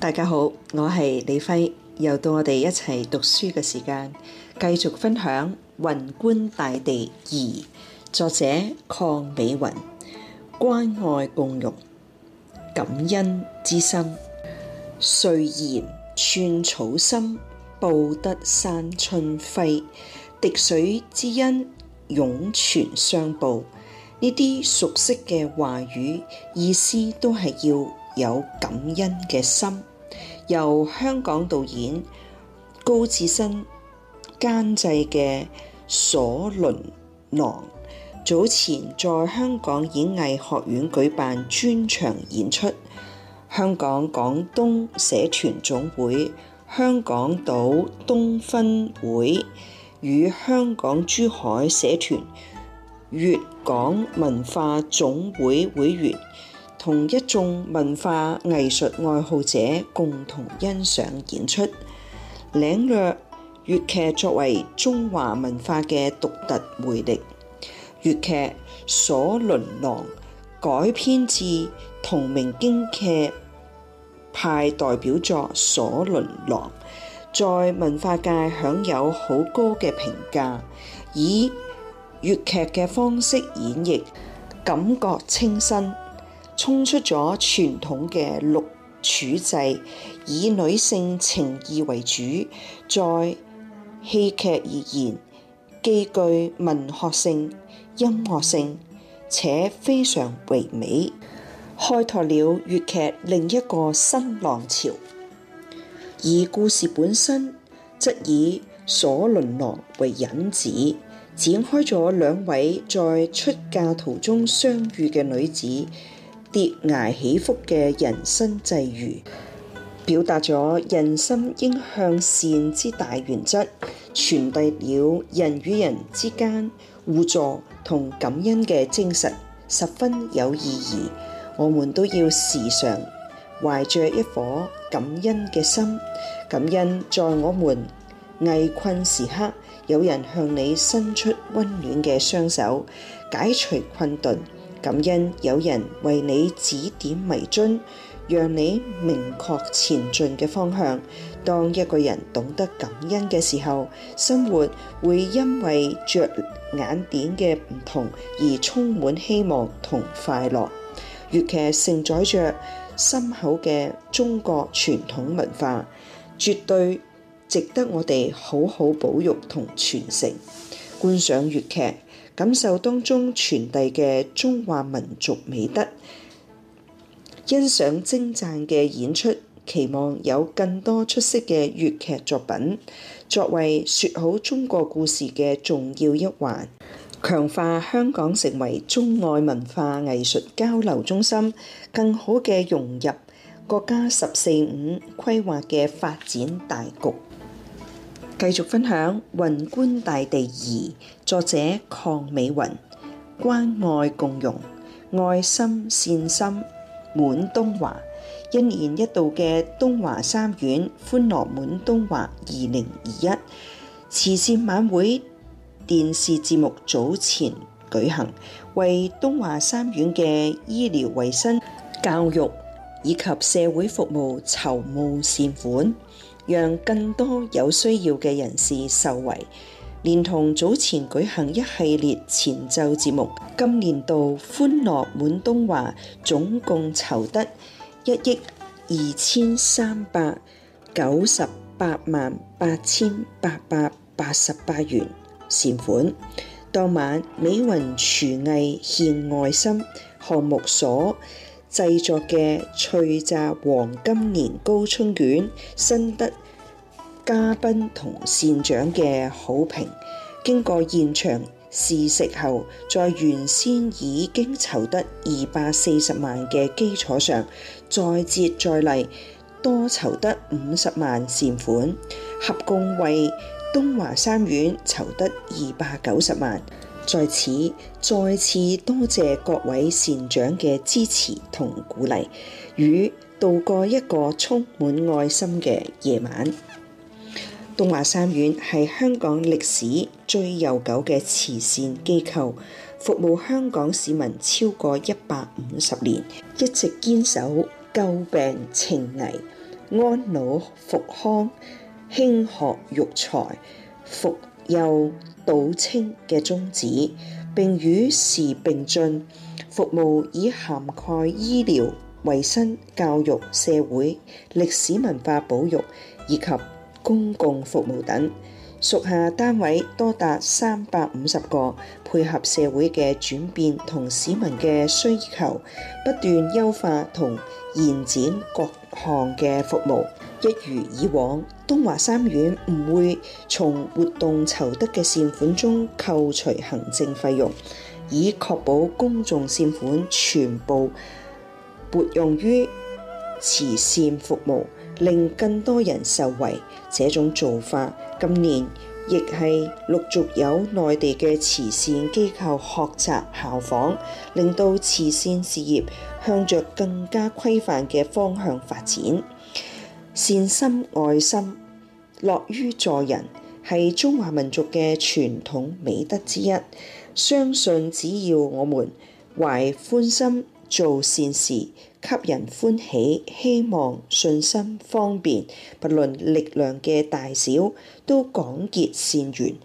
大家好，我係李輝，又到我哋一齊讀書嘅時間，繼續分享《雲觀大地二》，作者鄺美雲，關愛共融，感恩之心。誰言寸草心，報得三春暉。滴水之恩，湧泉相報。呢啲熟悉嘅話語，意思都係要。有感恩嘅心，由香港導演高志森監製嘅《鎖麟囊》，早前在香港演藝學院舉辦專場演出。香港廣東社團總會、香港島東分會與香港珠海社團粵港文化總會會員。同一眾文化藝術愛好者共同欣賞演出，領略粵劇作為中華文化嘅獨特魅力。粵劇《鎖麟囊》改編自同名京劇派代表作《鎖麟囊》，在文化界享有好高嘅評價。以粵劇嘅方式演繹，感覺清新。衝出咗傳統嘅六柱制，以女性情義為主。在戲劇而言，既具文學性、音樂性，且非常唯美，開拓了粵劇另一個新浪潮。而故事本身則以鎖麟囊為引子，展開咗兩位在出嫁途中相遇嘅女子。跌崖起伏嘅人生際遇，表達咗人心應向善之大原則，傳遞了人與人之間互助同感恩嘅精神，十分有意義。我們都要時常懷着一顆感恩嘅心，感恩在我們危困時刻，有人向你伸出溫暖嘅雙手，解除困頓。感恩有人為你指點迷津，讓你明確前進嘅方向。當一個人懂得感恩嘅時候，生活會因為着眼點嘅唔同而充滿希望同快樂。粵劇承載着深厚嘅中國傳統文化，絕對值得我哋好好保育同傳承。觀賞粵劇，感受當中傳遞嘅中華民族美德，欣賞精湛嘅演出，期望有更多出色嘅粵劇作品，作為説好中國故事嘅重要一環，強化香港成為中外文化藝術交流中心，更好嘅融入國家十四五規劃嘅發展大局。繼續分享《雲觀大地二》。作者鄺美雲，關愛共融。愛心善心滿東華，一年一度嘅東華三院歡樂滿東華二零二一慈善晚會電視節目早前舉行，為東華三院嘅醫療衛生、教育以及社會服務籌募善款，讓更多有需要嘅人士受惠。連同早前舉行一系列前奏節目，今年度歡樂滿東華總共籌得一億二千三百九十八萬八千八百八十八元善款。當晚美雲廚藝獻愛心項目所製作嘅脆炸黃金年糕春卷，新得嘉賓同善長嘅好評，經過現場試食後，在原先已經籌得二百四十萬嘅基礎上，再接再厲，多籌得五十萬善款，合共為東華三院籌得二百九十萬。在此再次多謝各位善長嘅支持同鼓勵，與度過一個充滿愛心嘅夜晚。東華三院係香港歷史最悠久嘅慈善機構，服務香港市民超過一百五十年，一直堅守救病情危、安老復康、興學育才、扶幼導青嘅宗旨，並與時並進，服務以涵蓋醫療、衞生、教育、社會、歷史文化保育以及公共服務等，屬下單位多達三百五十個，配合社會嘅轉變同市民嘅需求，不斷優化同延展各項嘅服務。一如以往，東華三院唔會從活動籌得嘅善款中扣除行政費用，以確保公眾善款全部撥用於慈善服務。令更多人受惠，這種做法今年亦係陸續有內地嘅慈善機構學習效仿，令到慈善事業向着更加規範嘅方向發展。善心愛心，樂於助人，係中華民族嘅傳統美德之一。相信只要我們懷歡心，做善事，給人歡喜、希望、信心、方便，不論力量嘅大小，都廣結善緣，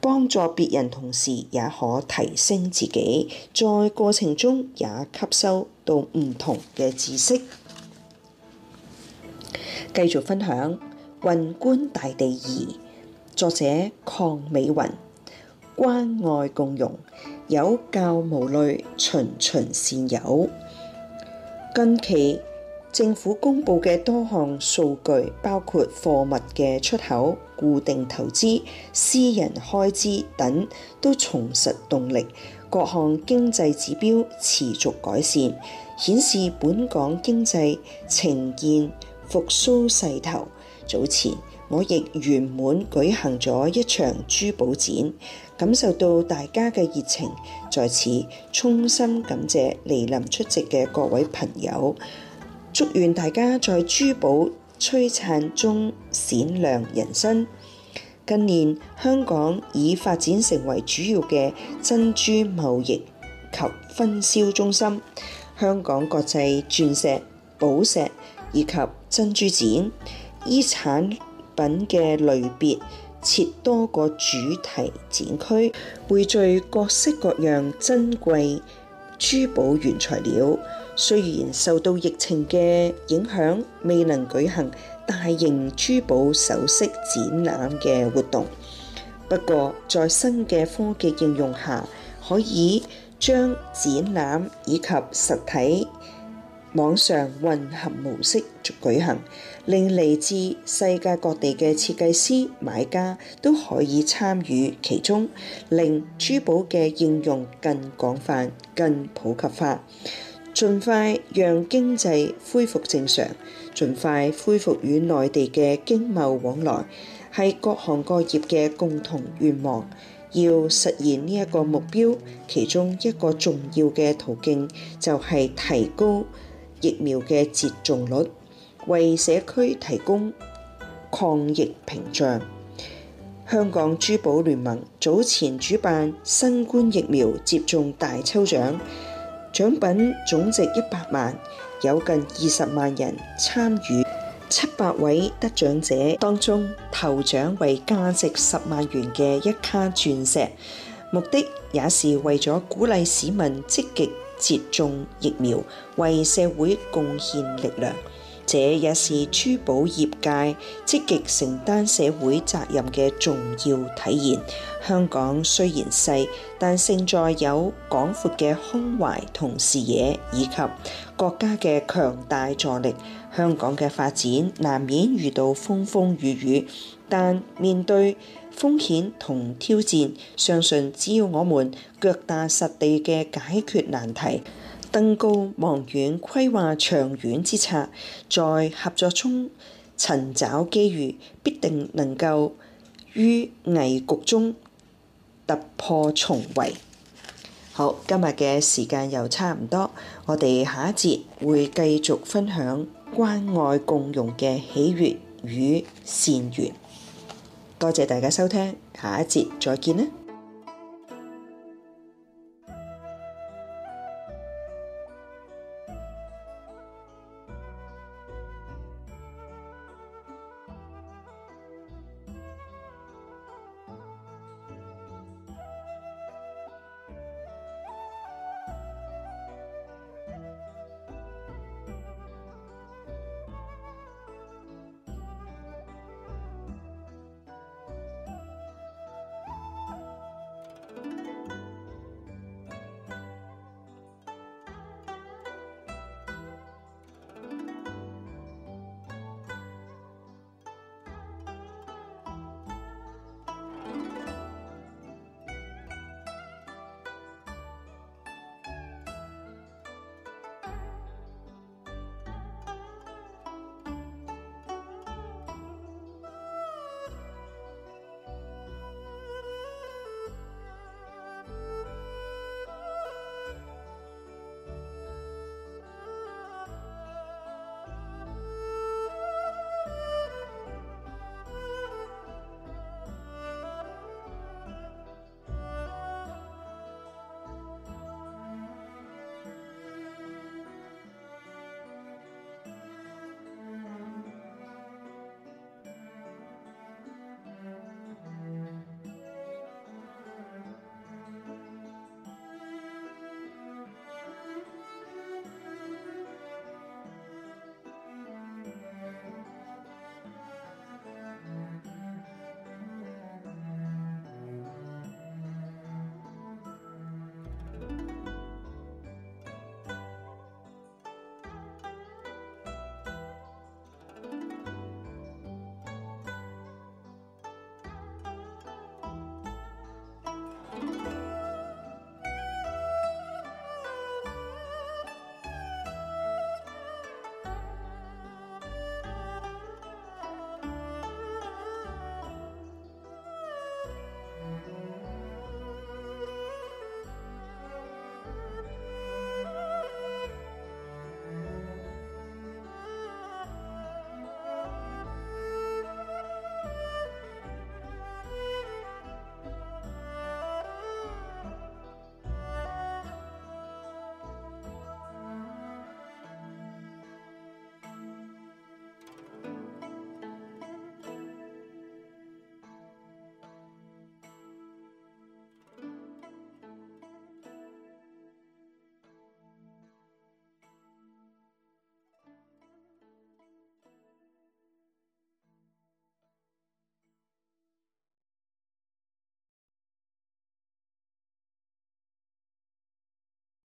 幫助別人同時也可提升自己，在過程中也吸收到唔同嘅知識。繼續分享《雲觀大地二》，作者鄺美雲，關愛共融。有教無類，循循善誘。近期政府公布嘅多項數據，包括貨物嘅出口、固定投資、私人開支等，都重拾動力，各項經濟指標持續改善，顯示本港經濟呈現復甦勢頭。早前，我亦圓滿舉行咗一場珠寶展，感受到大家嘅熱情，在此衷心感謝蒞臨出席嘅各位朋友。祝願大家在珠寶璀璨中閃亮人生。近年香港已發展成為主要嘅珍珠貿易及分銷中心。香港國際鑽石寶石以及珍珠展衣產品嘅類別設多個主題展區，匯聚各式各樣珍貴珠寶原材料。雖然受到疫情嘅影響，未能舉行大型珠寶首飾展覽嘅活動，不過在新嘅科技應用下，可以將展覽以及實體網上混合模式舉行。令嚟自世界各地嘅設計師、買家都可以參與其中，令珠寶嘅應用更廣泛、更普及化。盡快讓經濟恢復正常，盡快恢復與內地嘅經貿往來，係各行各業嘅共同願望。要實現呢一個目標，其中一個重要嘅途徑就係提高疫苗嘅接種率。為社區提供抗疫屏障。香港珠寶聯盟早前主辦新冠疫苗接種大抽獎，獎品總值一百萬，有近二十萬人參與。七百位得獎者當中，頭獎為價值十萬元嘅一卡鑽石，目的也是為咗鼓勵市民積極接種疫苗，為社會貢獻力量。這也是珠寶業界積極承擔社會責任嘅重要體現。香港雖然細，但勝在有廣闊嘅胸懷同視野，以及國家嘅強大助力。香港嘅發展難免遇到風風雨雨，但面對風險同挑戰，相信只要我們腳踏實地嘅解決難題。登高望遠，規劃長遠之策，在合作中尋找機遇，必定能夠於危局中突破重圍。好，今日嘅時間又差唔多，我哋下一節會繼續分享關愛共融嘅喜悅與善緣。多謝大家收聽，下一節再見啦！